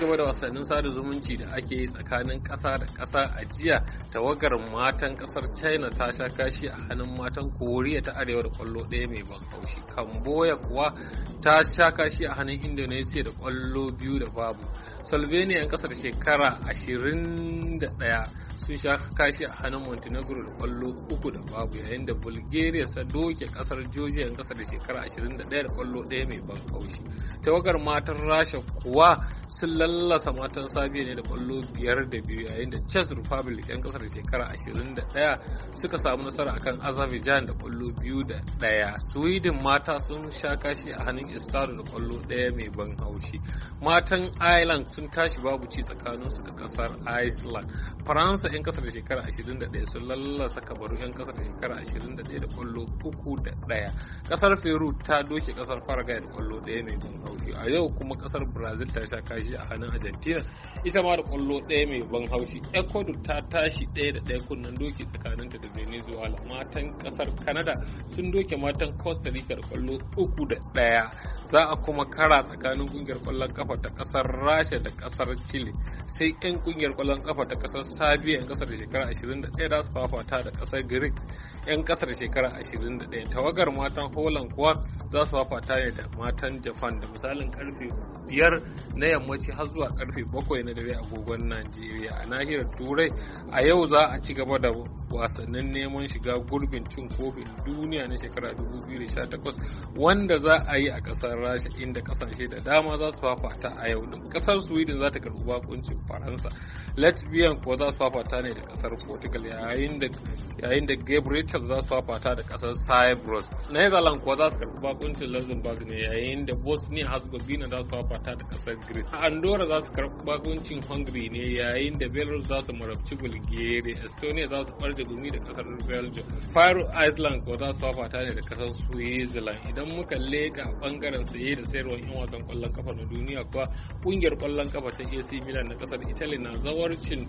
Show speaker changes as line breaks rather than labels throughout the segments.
gaba da wasannin sada zumunci da ake yi tsakanin ƙasa da ƙasa a jiya tawagar matan ƙasar china ta sha kashi a hannun matan koriya ta arewa da kwallo ɗaya mai ban haushi kamboya kuwa ta sha kashi a hannun indonesia da kwallo biyu da babu slovenia yan ƙasar shekara 21 sun sha kashi a hannun montenegro da kwallo uku da babu yayin da bulgaria ta doke kasar georgia yan kasa da shekara 21 da kwallo ɗaya mai ban kaushi tawagar matan rasha kuwa sun lallasa matan sabiya ne da kwallo biyar da biyu yayin da chess republic 'yan kasar shekara 21 suka samu nasara akan azerbaijan da kwallo biyu da daya sweden mata sun sha kashi a hannun istado da kwallo daya mai ban haushi matan ireland sun tashi babu ci tsakaninsu da kasar iceland faransa 'yan kasar shekara 21 sun lallasa kabaru 'yan kasar shekara 21 da kwallo uku da daya kasar peru ta doke kasar faragai da kwallo daya mai ban haushi a yau kuma kasar brazil ta sha kashi ji a hannun argentina ita ma da kwallo ɗaya mai ban haushi ecuador ta tashi ɗaya da ɗaya kunnen doki tsakaninta da venezuela matan ƙasar canada sun doke matan costa rica da kwallo uku da ɗaya za a kuma kara tsakanin ƙungiyar kwallon kafa ta ƙasar rasha da ƙasar chile sai 'yan ƙungiyar kwallon kafa ta ƙasar sabiya 'yan ƙasar shekara 21 za su fafata da ƙasar greek 'yan ƙasar shekara 21 tawagar matan holland kuwa za su fafata ne da matan japan da misalin karfe biyar na yammaci har zuwa karfe bakwai na dare agogon najeriya a nahiyar turai a yau za a ci gaba da wasannin neman shiga gurbin cin kofin duniya na shekara 2018 wanda za a yi a kasar rasha inda kasashe da dama za su fafata a yau din kasar sweden za ta karbi bakuncin faransa latvian kuwa za su fafata ne da kasar portugal yayin da yayin da gabriel za su fafata da kasar cyprus netherlands kuwa za su karbi bakuncin luxembourg ne yayin da bosnia herzegovina za su fafata da kasar greece andorra za su karbi bakuncin hungary ne yayin da belarus za su marabci bulgaria estonia za su barje gumi da kasar belgium faro iceland kuwa za su fafata ne da kasar switzerland idan muka leka bangaren saye da sayarwar yan wasan kwallon kafa na duniya kuwa kungiyar kwallon kafa ta ac milan na kasar italy na zawarcin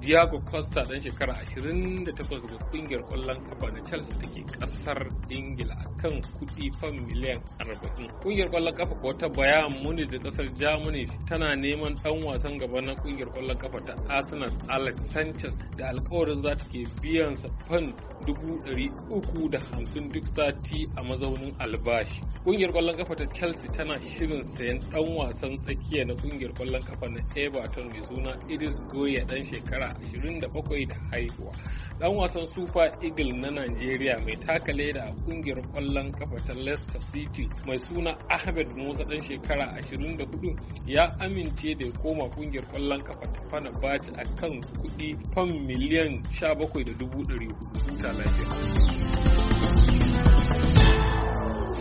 Diego Costa dan shekara 28 daga kungiyar kwallon kafa na Chelsea da ke kasar Ingila kan kudi fam miliyan 40. Kungiyar kwallon kafa ko ta Bayern Munich da kasar Germany tana neman dan wasan gaba na kungiyar kwallon kafa ta Arsenal Alex Sanchez da alkawarin za ta ke biyan sa fan 350 duk sati a mazaunin albashi. Kungiyar kwallon kafa ta Chelsea tana shirin sayan dan wasan tsakiya na kungiyar kwallon kafa na Everton mai suna Idris Goya dan shekara 27 da haihuwa dan wasan super eagle na nigeria mai taka leda a kungiyar kwallon kafa ta leicester city mai suna ahmed musa dan shekara 24 ya amince da ya koma kungiyar kwallon kafa ta fana fenerbahce a kan kudi fam miliyan 17,400 ta lafiya